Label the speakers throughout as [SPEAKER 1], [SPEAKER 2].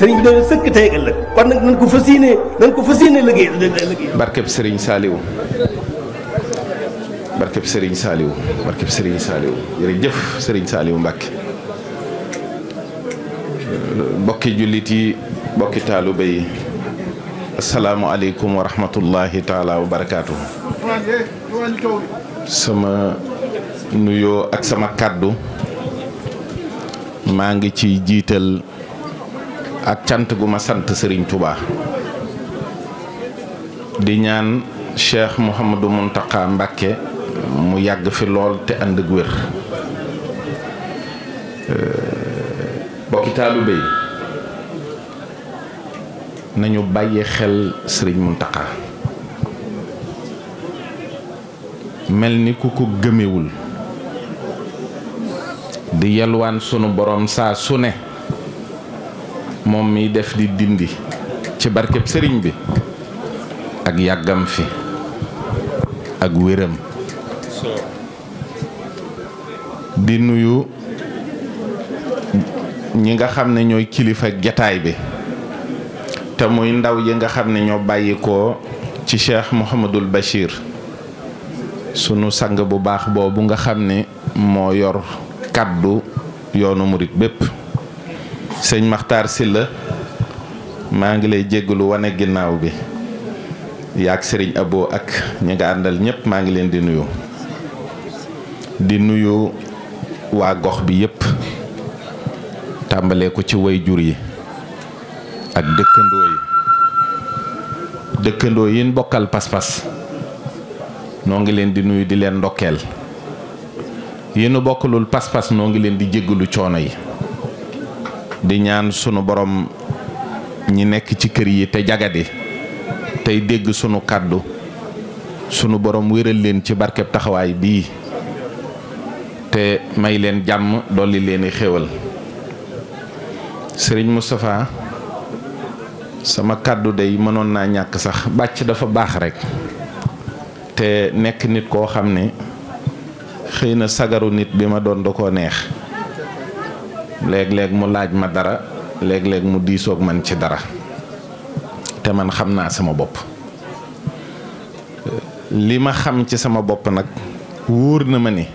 [SPEAKER 1] sëriñ bi
[SPEAKER 2] barkeb sëriñ Saliou barkeb sëriñ Saliou barkeb sëriñ Saliou jërëjëf sëriñ Saliou Mbacke bokki jullit yi bokki taaluba yi asalaamualeykum wa rahmatullahi taala wa barakaatu. sama nuyoo ak sama kàddu maa ngi ci jiital. ak cant gu ma sant Serigne Touba di ñaan Cheikh Mouhamadou Mountakha Mbacké mu yàgg fi lool te ànd ak wér euh, bokki taalibe nañu bàyyi xel Serigne Mountakha mel ni ku ko gëmewul di yalwaan sunu borom saa su ne moom mi def di dindi ci barkeb sëriñ bi ak yàggam ak wéram di nuyu ñi nga xam ne ñooy kilifa jataay bi te muy ndaw yi nga xam ne ñoo bàyyikoo ci cheikh Mouhamadul Bachir sunu sang bu baax boobu nga xam ne moo yor kàddu yoonu murit bépp sëñ Maxtaar Silla maa ngi lay jéggalu wane ginnaaw bi yaak sëriñ Abo ak ñi nga àndal ñépp maa ngi leen di nuyu di nuyu waa gox bi yépp tàmbalee ko ci way jur yi ak dëkkandoo yi dëkkandoo yi ñu bokkal pas-pas noo ngi leen di nuyu di leen ndokkeel yi nu bokkalul pas-pas noo ngi leen di jéggalu coono yi di ñaan sunu borom ñi nekk ci kër yi te jagadi tey dégg sunu kàddu sunu borom wéral leen ci barkeb taxawaay bii te may leen jàmm dolli leen i xéewal sëriñ Moustapha sama kàddu day mënoon naa ñàkk sax bàcc dafa baax rekk te nekk nit koo xam ne xëy na sagaru nit bi ma doon da koo neex léeg-léeg mu laaj ma dara léeg-léeg mu diisoog man ci dara te man xam naa sama bopp li ma xam ci sama bopp nag wóor na ma ni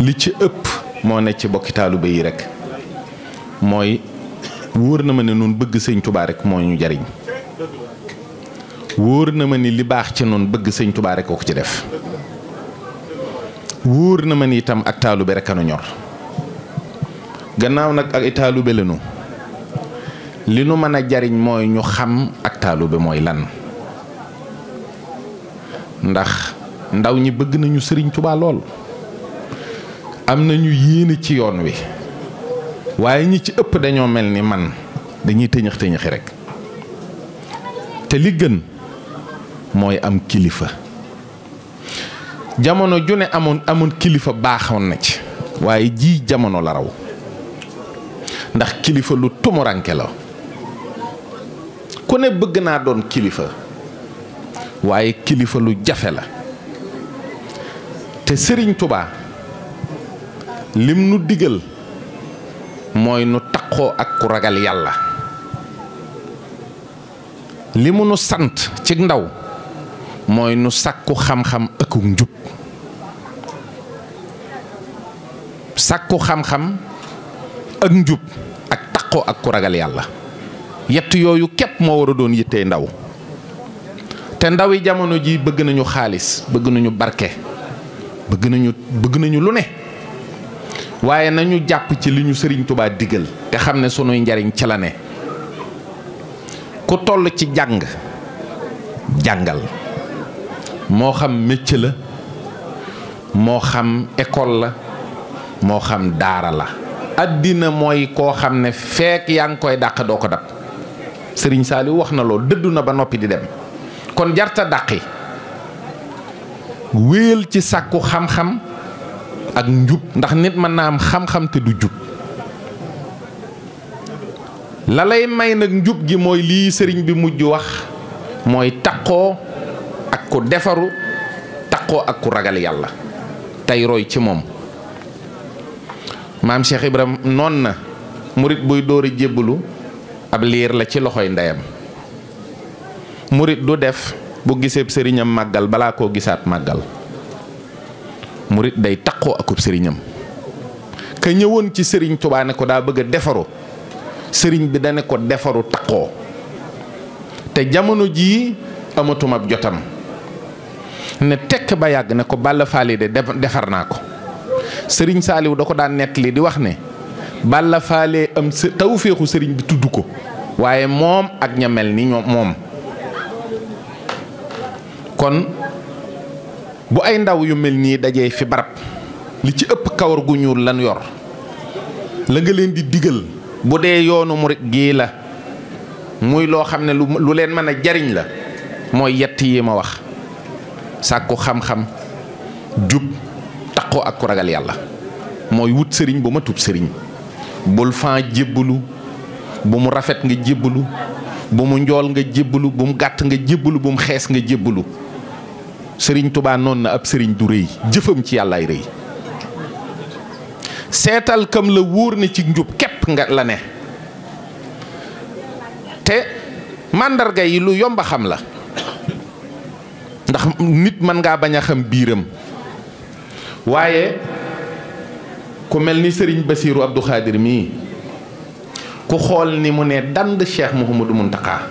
[SPEAKER 2] li ci ëpp moo ne ci bokki taalibe yi rek mooy wóor na ma ne nun bëgg sëñ tubaa moo ñu jariñ wóor na ma ni li baax ci nun bëgg sëñ tubaa ko ci def wóor na ma ni itam ak taalu bi rek a nu ñor gannaaw nag ak taalube lanu li nu mën a jariñ mooy ñu xam ak taalube mooy lan ndax ndaw ñi bëgg nañu sëriñ tubaa lool am nañu yéene ci yoon wi waaye ñi ci ëpp dañoo mel ni man dañuy tëñëx tëñëxi rekk te li gën mooy am kilifa jamono ju ne amoon amoon kilifa baaxoon na ci waaye ji jamono la raw ndax kilifa lu tumuranke la ku ne bëgg naa doon kilifa waaye kilifa lu jafe la te sëriñ tubaa lim nu digal mooy nu taqoo ak ku ragal yàlla li nu sant ci ndaw mooy nu sàkku xam-xam ëkkuk njub sakku xam-xam ak njub ak ku ragal yàlla yett yooyu képp moo war a doon yittee ndaw te ndaw yi jamono ji bëgg nañu xaalis bëgg nañu barke bëgg nañu bëgg nañu lu ne waaye nañu jàpp ci li ñu sëriñ tubaa digal te xam ne sunuy njariñ ci la ne ku toll ci jàng jàngal moo xam métier la moo xam école la moo xam daara la addina mooy koo xam ne feek yaa ngi koy dàq doo ko dab sëriñ Saliou wax na loolu dëddu na ba noppi di dem kon jarta dàqi wéyal ci sàkku xam-xam ak njub ndax nit mën naa am xam-xam te du jub la may nag njub gi mooy lii sëriñ bi mujj wax mooy taqoo ak ku defaru taqoo ak ku ragal yàlla tey roy ci moom maam Cheikh Ibrahima noon na murit buy dóori jébbalu ab liir la ci loxoy ndeyam murit du def bu giseeb sëriñam màggal balaa koo gisaat màggal murit day taqoo akub sëriñam ka ñëwoon ci sëriñ Tuubaa ko daa bëgg a defaru sëriñ bi da ko defaru taqoo te jamono jii amatumaab ab jotam ne tekk ba yàgg ne ko Balla Faali defar naa ko sëriñ saaliw da ko daan nettali di wax ne balla faalee am tawféexu sëriñ bi tudd ko waaye moom ak ña mel ni ñoom moom kon bu ay ndaw yu mel nii dajee fi barab li ci ëpp kawar gu ñuul lan yor la nga leen di diggal bu dee yoonu murit gii la muy loo xam ne lu leen mën a jariñ la mooy yett yi ma wax sàkku xam-xam jub làqoo ak ku ragal yàlla mooy wut sëriñ bu ma tub sëriñ bul fan jébbalu bu mu rafet nga jébbalu bu mu njool nga jébbalu bu mu gàtt nga jébbalu bu mu xees nga jébbalu sëriñ tubaa noon na ab sëriñ du rëy jëfam ci yàllaay rëy seetal kam la wóor ne ci njub képp nga la ne te màndarga yi lu yomba xam la ndax nit mën ngaa bañ a xam biiram waaye ku mel ni sëriñ Basiiru Abdou Khadir mii ku xool ni mu ne dand Cheikh mu Mountakha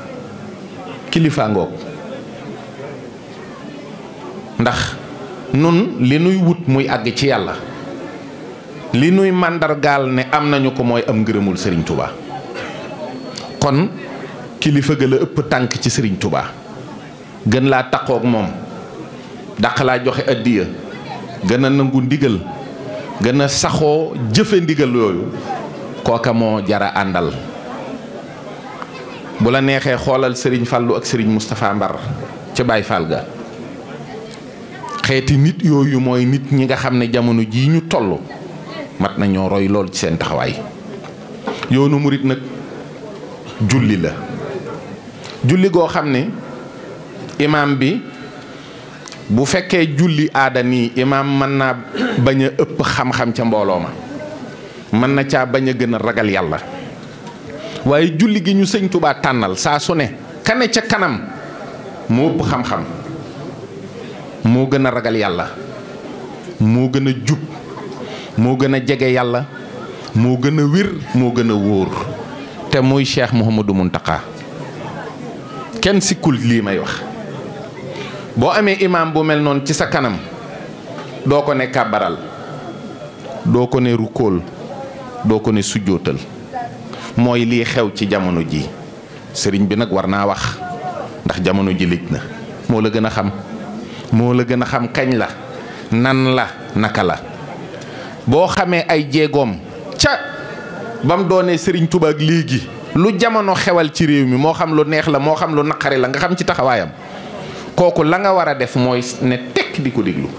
[SPEAKER 2] kilifa ngoog ndax nun li nuy wut muy àgg ci yàlla li nuy màndargaal ne am nañu ko mooy am ngërëmul sëriñ tubaa kon kilifa gën a ëpp tànk ci sëriñ Touba gën laa taqoog moom daq laa joxe addiya gën a nangu ndigal gën a saxoo jëfe ndigal yooyu kooka moo jara àndal bu la neexee xoolal sëriñ Fallou ak sëriñ Moustapha Mbar ca Baye Fall ga xeeti nit yooyu mooy nit ñi nga xam ne jamono jii ñu toll mat nañoo roy lool ci seen taxawaay yoonu murit nag julli la julli goo xam ne imaam bi bu fekkee julli aada nii imaam mën naa bañ a ëpp xam-xam ca mbooloo ma mën na caa bañ a gën a ragal yàlla waaye julli gi ñu sëñ Tuubaa tànnal saa su ne kane ca kanam moo ëpp xam-xam moo gën a ragal yàlla moo gën a jub moo gën a jege yàlla moo gën a wér moo gën a wóor te muy Cheikh mu Mountakha kenn sikkul lii may wax boo amee imaam bu mel noonu ci sa kanam doo ko ne kàbbaral doo ko ne rukkóol doo ko ne sujjootal mooy lii xew ci jamono ji sëriñ bi nag war naa wax ndax jamono ji lij na moo la gën a xam moo la gën a xam kañ la nan la naka la boo xamee ay jéegoom ca ba mu doonee sëriñ Tuubaa ak léegi lu jamono xewal ci réew mi moo xam lu neex la moo xam lu naqari la nga xam ci taxawaayam kooku la nga war a def mooy ne tekk di ko déglu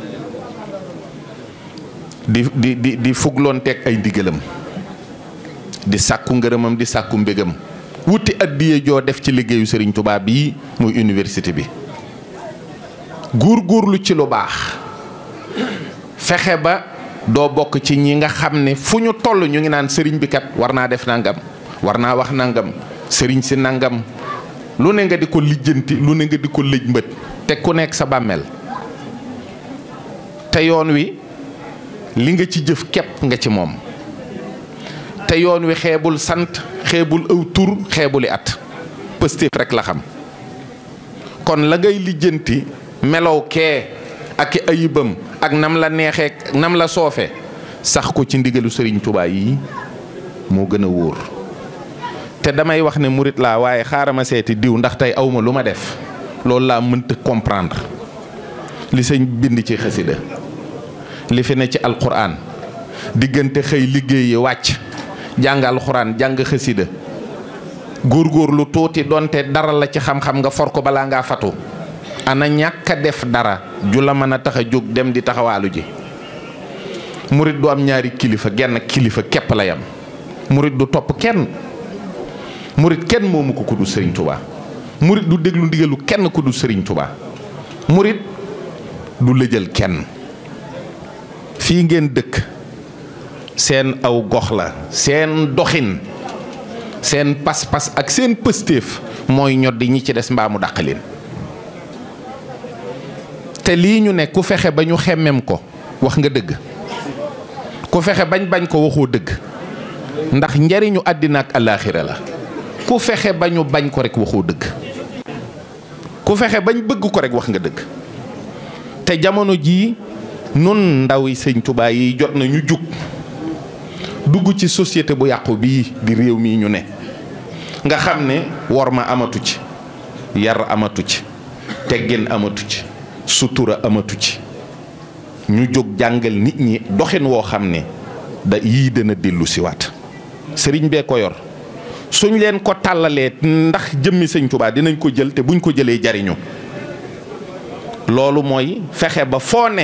[SPEAKER 2] di di di fugloon teg ay ndigalam di sàkku ngërëmam di sàkku mbégam wuti addiye joo def ci liggéeyu sëriñ tubaab yi muy université bi góorgóorlu ci lu baax fexe ba doo bokk ci ñi nga xam ne fu ñu toll ñu ngi naan sëriñ bi kat war naa def nangam war naa wax nangam sëriñ si nangam lu ne nga di ko lijjanti lu ne nga di ko lëj mbët te ku nekk sa bàmmeel te yoon wi li nga ci jëf képp nga ci moom te yoon wi xeebul sant xeebul aw xeebuli at pëstéef rekk la xam kon la ngay lijjanti melow kee ak ayibam ak nam la neexee nam la soofe sax ko ci ndigalu sëriñ Tuubaa yi moo gën a wóor te damay wax ne murit laa waaye xaaral ma seeti diw ndax tey awma lu ma def loolu laa mënta comprendre li sëñ bind ci xasida li fi ne ci alxuraan diggante xëy liggéey yi wàcc jàng alquran jàng góor góorgóor lu tuuti donte dara la ci xam-xam nga for ko balaa ngaa fatu ana ñàkk a def dara ju la mën a tax a jóg dem di taxawaalu ji murit du am ñaari kilifa genn kilifa képp la yam murit du topp kenn murit kenn moomu ko ku du sëriñ tubaa murit du déglu ndigalu kenn ku du sëriñ tubaa murit du lëjal kenn fii ngeen dëkk seen aw gox la seen doxin seen pas-pas ak seen pëstéef mooy ñoddi ñi ci des mbaamu dàqalin te lii ñu ne ku fexe ba ñu xemmem ko wax nga dëgg ku fexe bañ bañ ko waxoo dëgg ndax njariñu àddina ak alaaxira la ku fexe ba ñu bañ ko rekk waxoo dëgg ku fexe bañ bëgg ko rek wax nga dëgg te jamono jii nun ndaw yi sëñ Tuubaa yi jot nañu jug dugg ci société bu yàqu bii di réew mii ñu ne nga xam ne wor ma amatu ci yar amatu ci teggin amatu ci sutura amatu ci ñu jóg jàngal nit ñi doxin woo xam ne da yii dana dellu siwaat sëriñ bee ko yor suñ leen ko tàllalee ndax jëmmi sëñ Tuubaa dinañ ko jël te buñ ko jëlee jariñu loolu mooy fexe ba foo ne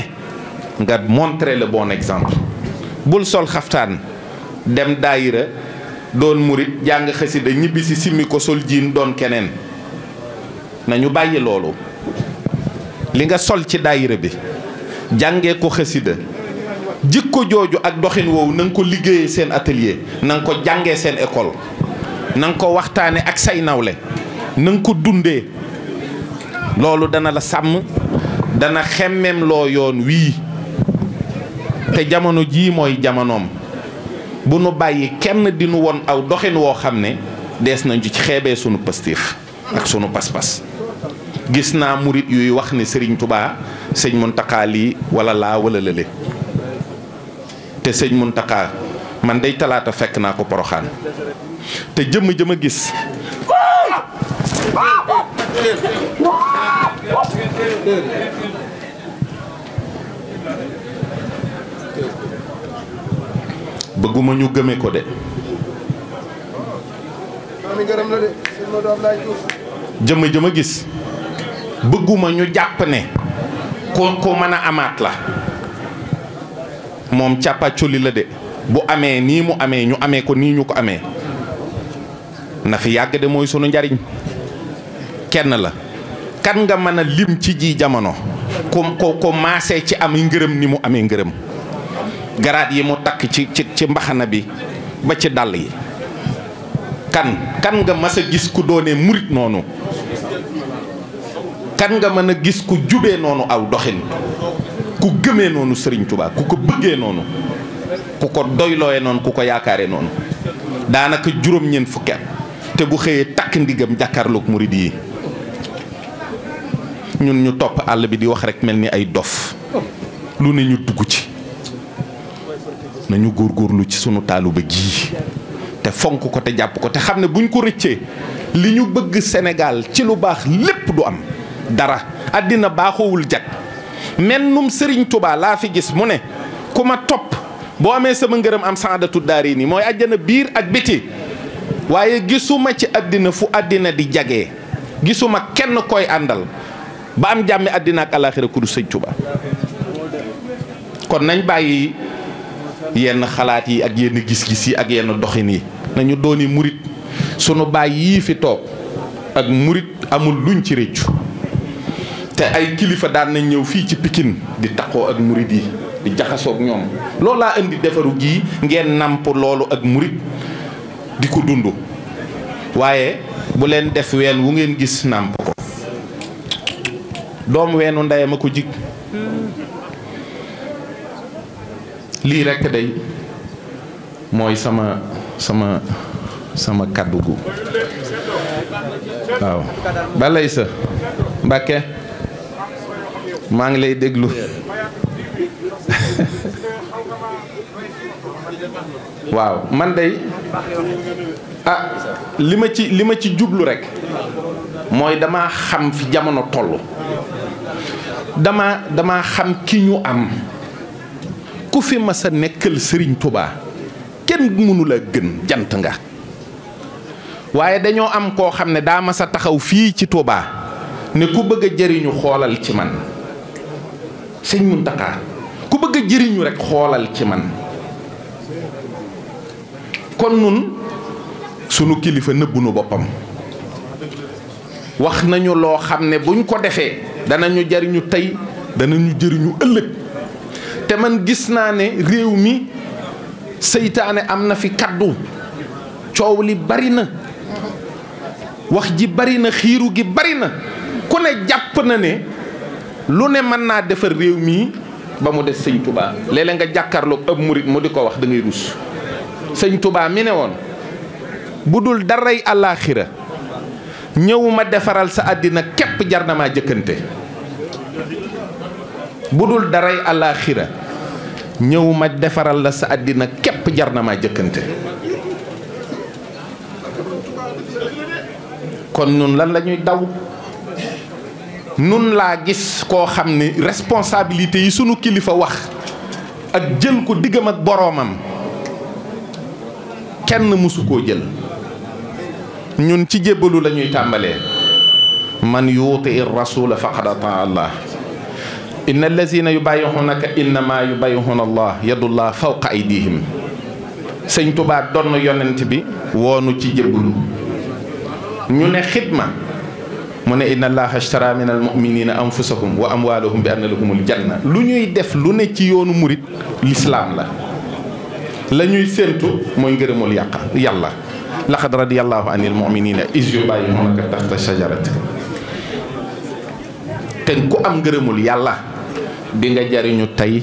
[SPEAKER 2] nga montrer le bon exemple bul sol xaftaan dem daayira doon murit jàng xasida ñibbi simmi ko sol jiin doon keneen nañu bàyyi loolu li nga sol ci daayira bi jàngee ko xasida jikko jooju ak doxin woowu na ko liggéeyee seen atelier na nga ko jàngee seen école na ko waxtaane ak say nawle na ko dundee loolu dana la sàmm dana xemmem loo yoon wii te jamono jii mooy jamonoom bu nu bàyyi kenn dinu won aw doxin woo xam ne dees nañ ci xeebee sunu pastéef ak sunu pas-pas gis naa murit yuy wax ne sëriñ tubaa sëñ Muntaxa lii wala laa wala te sëñ Muntaxa man dey talaata fekk naa ko poroxaan te jëmm jëmm a gis bëgguma ñu gëme de jëmm jëmm gis bëgguma ñu jàpp ne ko ko mën a amaat la moom càppa coli la de bu amee nii mu amee ñu amee ko nii ñu ko amee na yàgg de mooy sunu njariñ kenn la kan nga mën a lim ci ji jamono ko ko ko maasee ci am ngërëm ni mu amee ngërëm garaat yi mu takk ci ci mbaxana bi ba ci dàll yi kan kan nga mas a gis ku doonee murit noonu kan nga mën a gis ku jube noonu aw doxin ku gëmee noonu Sëriñ tubaa ku ko bëggee noonu ku ko doylooye noonu ku ko yaakaare noonu daanaka juróom-ñeent fukki at te bu xëyee takk ndigam jàkkaarloog murid yi ñun ñu topp àll bi di wax rek mel ni ay dof lu ne ñu dugg ci nañu góorgóorlu ci sunu taaluba gii te fonk ko te jàpp ko te xam ne buñ ko rëccee li ñu bëgg Sénégal ci lu baax lépp du am dara àddina baaxowul jag mennum Sëriñ Tubaa laa fi gis mu ne ku topp boo amee sama ngërëm am saadatu daari nii mooy àjjana biir ak biti waaye gisuma ci àddina fu àddina di jagee gisuma kenn koy àndal ba am jàmmi àddina ak alaaxira ku du sëñ Tuba kon nañ bàyyi yenn xalaat yi ak yenn gis-gis yi ak yenn doxin yi nañu dooni murit sunu baay yii fi toog ak murit amul luñ ci rëccu te ay kilifa daan na ñëw fii ci Pikine di takkoo ak murit yi di jaxasoog ñoom loolu laa indi defaru gii ngeen namp loolu ak murit di ko dund waaye bu leen def ween wu ngeen gis nàmp ko doom weenu ndeyam a ko jig lii rekk day mooy sama sama sama kàddu waaw balay sa Mbàkke maa ngi lay déglu waaw man day a ah, li ma ci li ma ci jublu rek mooy dama xam fi jamono toll dama dama xam ki ñu am ku fi mas nekkal Sëriñ Tubaa kenn mënu la gën jant nga waaye dañoo am koo xam ne daa mas a taxaw fii ci Tubaa ne ku bëgg a jëriñu xoolal ci man sëñ Muntaxa ku bëgg a jëriñu rek xoolal ci man kon nun sunu kilifa nëbbu nu boppam wax nañu loo xam ne buñ ko defee danañu jariñu tey danañu jëriñu ëllëg te man gis naa ne réew mi seytaane am na fi kaddu coow li bari na wax ji bari na xiiru gi bari na ku ne jàpp na ne lu ne mën naa defar réew mii ba mu des sëñ Tuubaa léeg-léeg nga jàkkaarloog ab murit mu di ko wax dangay ngay rus sëñ tubaab mi ne woon bu dul daray àllaaxira ñëwuma defaral sa àddina képp jar na maa jëkkante bu dul àllaaxira ñëwuma defaral la sa àddina képp jar na maa jëkkante kon nun lan la ñuy daw nun laa gis koo xam ni responsabilité yi sunu kilifa wax ak jël ko diggam ak boroomam kenn mësu koo jël ñun ci jébbalu la ñuy tàmbalee man yuuti ir rasula faqad ataa allah inna allazina yubayyixunaka innama yubayyixuna allah yadullah fawqa aydihim sëñ tubaa donn yonent bi woonu ci jébbalu ñu ne xidma mu ne inna allaha ashtara min almuminina anfusahum wa amwalahum bi anna lahumul lu ñuy def lu ne ci yoonu murit lislaam la la ñuy séentu mooy ngërëmul yàqa yàlla laqad radiyallahu anil muminina is yubayi'unaka taxta shajarati te ku am ngërëmul yàlla dinga jariñu tey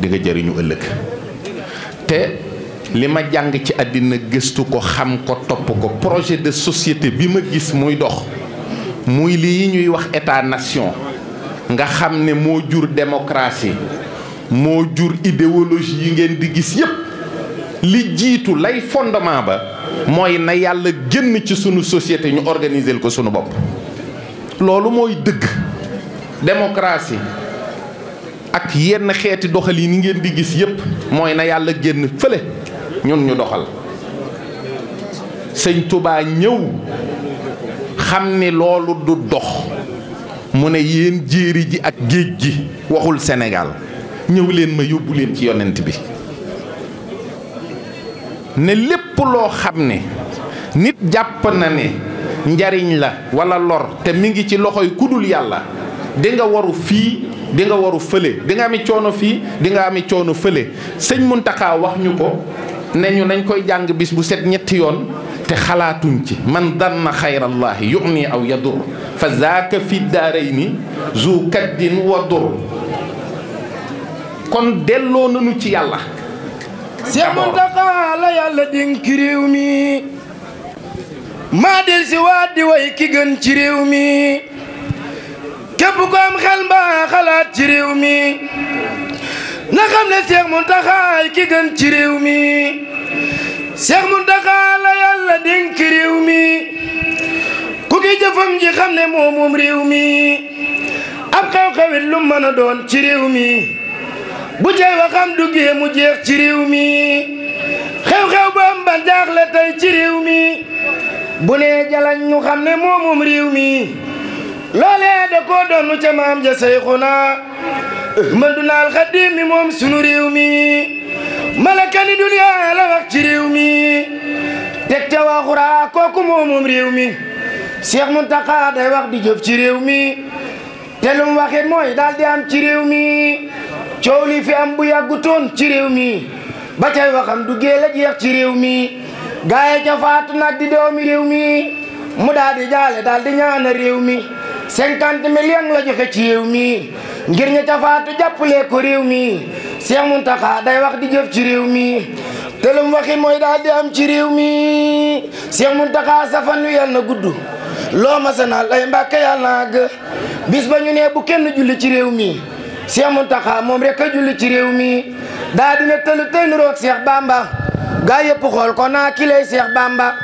[SPEAKER 2] di nga jariñu ëllëg te li ma jàng ci àddina gëstu ko xam ko topp ko projet de société bi ma gis muy dox muy lii ñuy wax état nation nga xam ne moo jur démocratie moo jur idéologie yi ngeen di gis yépp li jiitu lay fondement ba mooy na yàlla génn ci sunu société ñu organiser ko sunu bopp loolu mooy dëgg démocratie ak yenn xeeti doxal yi ni ngeen di gis yépp mooy na yàlla génn fële ñun ñu doxal sëñ Touba ñëw xam ni loolu du dox mu ne yéen jéeri ji ak géej gi waxul senegal ñëw leen ma yóbbu leen ci yonent bi ne lépp loo xam ne nit jàpp na ne njariñ la wala lor te mi ngi ci loxoy kudul yàlla di waru fii dinga waru fële dinga nga ami coono fii di nga ami fële sëñ mu Muntaxa wax ñu ko ne ñu nañ koy jàng bis bu set ñetti yoon te xalaatuñ ci man danna xayrallaahi yugni aw yadur fa zaaka fi daarayni zu kaddin wa dur kon delloo nañu ci yàlla
[SPEAKER 1] Seex Muntaxa la yàlla dénk réew mi maa del waat di way ki gën ci réew mi képp am xel mbaa xalaat ci réew mi na xam ne Seex Muntaxa ki gën ci réew mi Seex Muntaxa la yàlla dénk réew mi ku ki jëfam ji xam ne moomoom réew mi ab xew-xewit lu mën a doon ci réew mi bu cay waxam duggee mu jeex ci réew mi xew-xew ba am ba jaaxle tey ci réew mi bu nee jalañ ñu xam ne moomum réew mi loolee da koo doonu ca maam ja Seyxuna Ahmaduna Alxadim mi moom sunu réew mi malakani duniyaa la wax ci réew mi teg ca waxuraa kooku moomum réew mi Cheikh Muntaqa day wax di jëf ci réew mi te waxit mooy daal am ci réew mi coow lii fi am bu yàggutoon ci réew mi ba cay waxam du géel a jeex ci réew mi gaay ca faatu nag di doomi réew mi mu daal di jaale daal di ñaana réew mi cinquante millions la joxe ci réew mi ngir ña ca faatu jàppalee ko réew mi Seex Muntaxa day wax di jëf ci réew mi te mooy daal di am ci réew mi Seex Muntaxa sa fan wi na gudd loo ma sa naal ay mbàkke yàlla na àgg ba ñu ne bu kenn julli ci réew mi Cheikh Mountakha moom rek a julli ci réew mi daa dina tëll tey nuroog Cheikh Bamba gaa yëpp xool ko naa ki lay Cheikh Bamba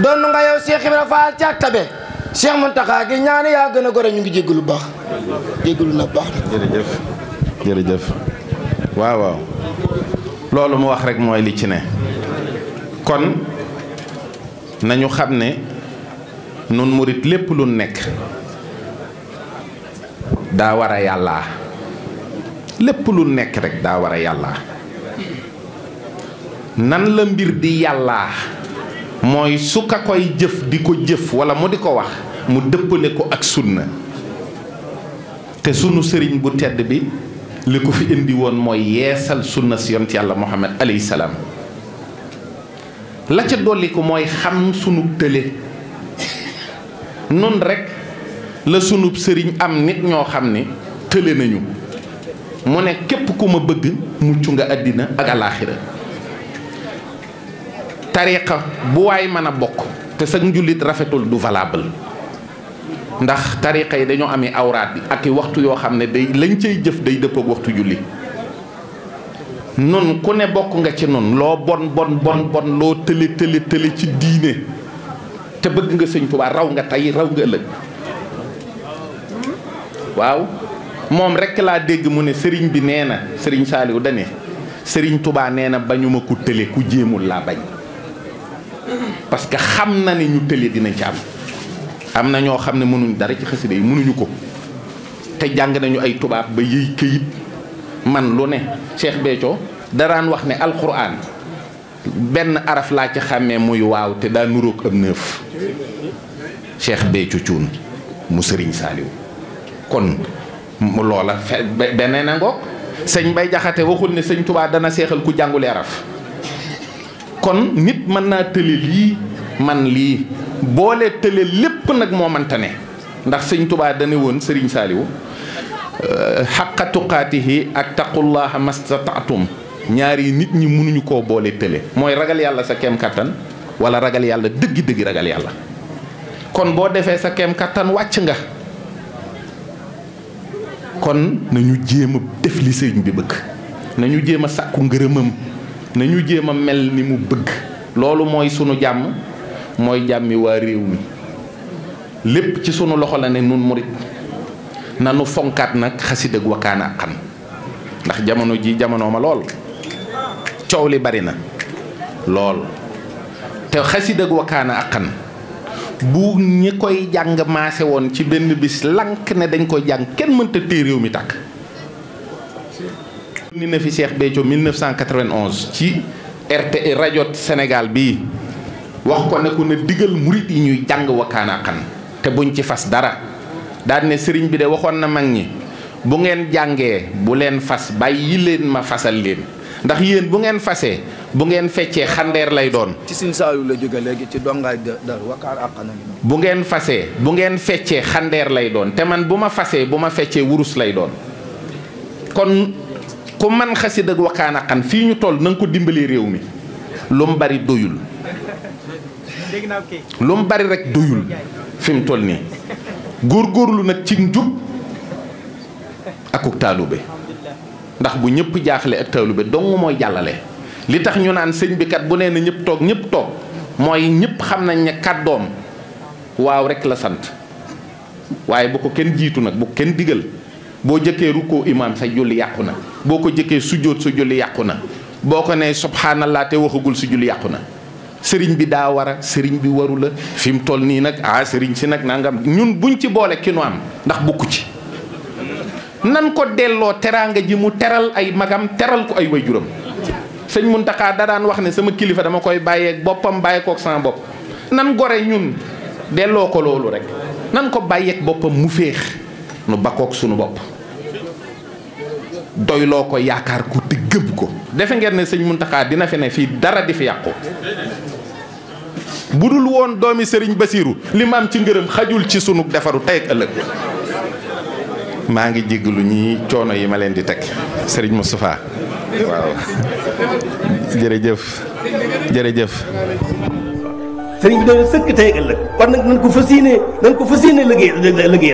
[SPEAKER 1] doon nga yow Cheikh Ibra Fall ca tabe Cheikh Mountakha gi ñaane yaa gën a gore ñu ngi jégalu baax
[SPEAKER 2] jégalu na baax jërëjëf jërëjëf waaw loolu mu wax rek mooy li ci ne kon nañu xam ne nun murit lépp lu nekk daa war a yàlla lépp lu nekk rekk daa war a yàllaa nan la mbir di yàlla mooy su ka koy jëf di ko jëf wala mu di ko wax mu dëppale ko ak sunna te sunu sëriñ bu tedd bi li ko fi indi woon mooy yeesal sunna si yàlla muhammad alayhi salaam la ca dolli mooy xam sunu tële nun rekk la sunub sëriñ am nit ñoo xam ne tële nañu mu ne képp ku ma bëgg mucc nga àddina ak alaaxira tariqa bu waay mën a bokk te sa njulit rafetul du valable ndax tariqa yi dañoo amee awraat bi ak waxtu yoo xam ne day lañ cay jëf day dëppook waxtu jullit nun ku ne bokk nga ci nun loo bon bon bon bon loo tële tële tële ci diine te bëgg nga sëñ Tuubaa raw nga tey raw nga ëllëg waaw moom rek laa dégg mu ne sëriñ bi nee na sëriñ Saaliw dane sëriñ Tubaa nee na bañu ma ku tële ku jéemul laa bañ parce que xam na ne ñu tële dina ci am am na ñoo xam ne mënuñ dara ci xasida yi mënuñu ko te jàng nañu ay tubaab ba yëy këyit man lu ne Cheikh Béthio daraan wax ne alxuraan benn araf laa ci xàmmee muy waaw te daa nuroog am neuf Cheikh Béthio Thioune mu sëriñ Saaliw kon loola fe beneen a ngoog sëñ Bay Jaxate waxul ne sëñ tubaa dana seexal ku jàngulee raf kon nit mën naa tële lii man lii boole tële lépp nag moo mënta ne ndax sëñ tubaa dana woon sëriñ Saaliwu xaqa euh, tuqaatihi ak taqullaha mastataatum ñaari nit ñi mënuñu koo boole tële mooy ragal yàlla sa kem kattan wala ragal yàlla dëggi dëggi ragal yàlla kon boo defee sa kem kattan wàcc nga kon nañu jéem a def li sëriñ bi bëgg nañu jéem a sàkku ngërëmam nañu jéem a mel ni mu bëgg loolu mooy sunu jàmm mooy jàmmi waa réew mi lépp ci sunu loxo la ne nun murit nanu fonkaat nag xasida ak wakaan ndax jamono ji jamono ma lool coow li bari na lool te xasida wakkaana wakaan bu ñi koy jàng maase woon ci benn bis lank ne dañ koy jàng kenn mënta tée mi takk ni na fi Cheikh Béthio 1991 ci RT rajo senegal bi wax ko ne ko ne digal murit yi ñuy jàng wakaanaaxan te buñ ci fas dara daal sëriñ bi de waxoon na mag ñi bu ngeen jàngee bu leen fas bàyyi leen ma fasal leen ndax yéen bu ngeen fasee bu ngeen feccee xandeer lay doon.
[SPEAKER 1] ci Sine Saalum la jóge léegi ci dongaay dar wakaar
[SPEAKER 2] àq bu ngeen fasee bu ngeen feccee xandeer lay doon te man bu ma fasee bu ma feccee wurus lay doon kon ku man xasida ak wakaan aqan fii ñu toll na ko dimbali réew mi lu mu bari doyul.
[SPEAKER 1] lu mu bari rek doyul
[SPEAKER 2] fi toll nii góor góorlu nag ci njub akuk taalube ndax bu ñëpp jaaxle ak taalube dong mooy jàllale. li tax ñu naan sëñ bi kat bu nee na ñëpp toog ñëpp toog mooy ñëpp xam nañ ne kàddoom waaw rek la sant waaye bu ko kenn jiitu nag bu kenn digal boo jëkkee rukkoo imaam sa julli yàqu na boo ko jëkkee sujjóot sa julli yàqu na boo ko nee subhanallah te waxagul si julli yàqu na sëriñ bi daa wara sëriñ bi warula la mu toll nii nag ah sëriñ si nag nangam ñun buñ ci boole ki nu am ndax bukku ci nan ko delloo teraanga ji mu teral ay magam teral ko ay waajuram sëñ Muntaxa da daan wax ne sama kilifa dama koy bàyyeek boppam bàyyeekook sama bopp nan gore ñun delloo ko loolu rek nan ko bàyyeeg boppam mu féex nu bakkook sunu bopp doyloo ko yaakaar ko te gëb ko defe ngeen ne sëñ Muntaxa dina fene fii dara di fi yàqu bu dul woon doomi sëriñ Basiiru li ma am ci ngërëm xajul ci sunu defaru tey ak ëllëg maa ngi jéggalu ñi coono yi ma leen di teg sëriñ Moustapha waaw jërëjëf jërëjëf. sëriñ bi de sëkk tey ëllëg kon nag nañ ko fas yéene nañ ko fas yéene liggéey liggéey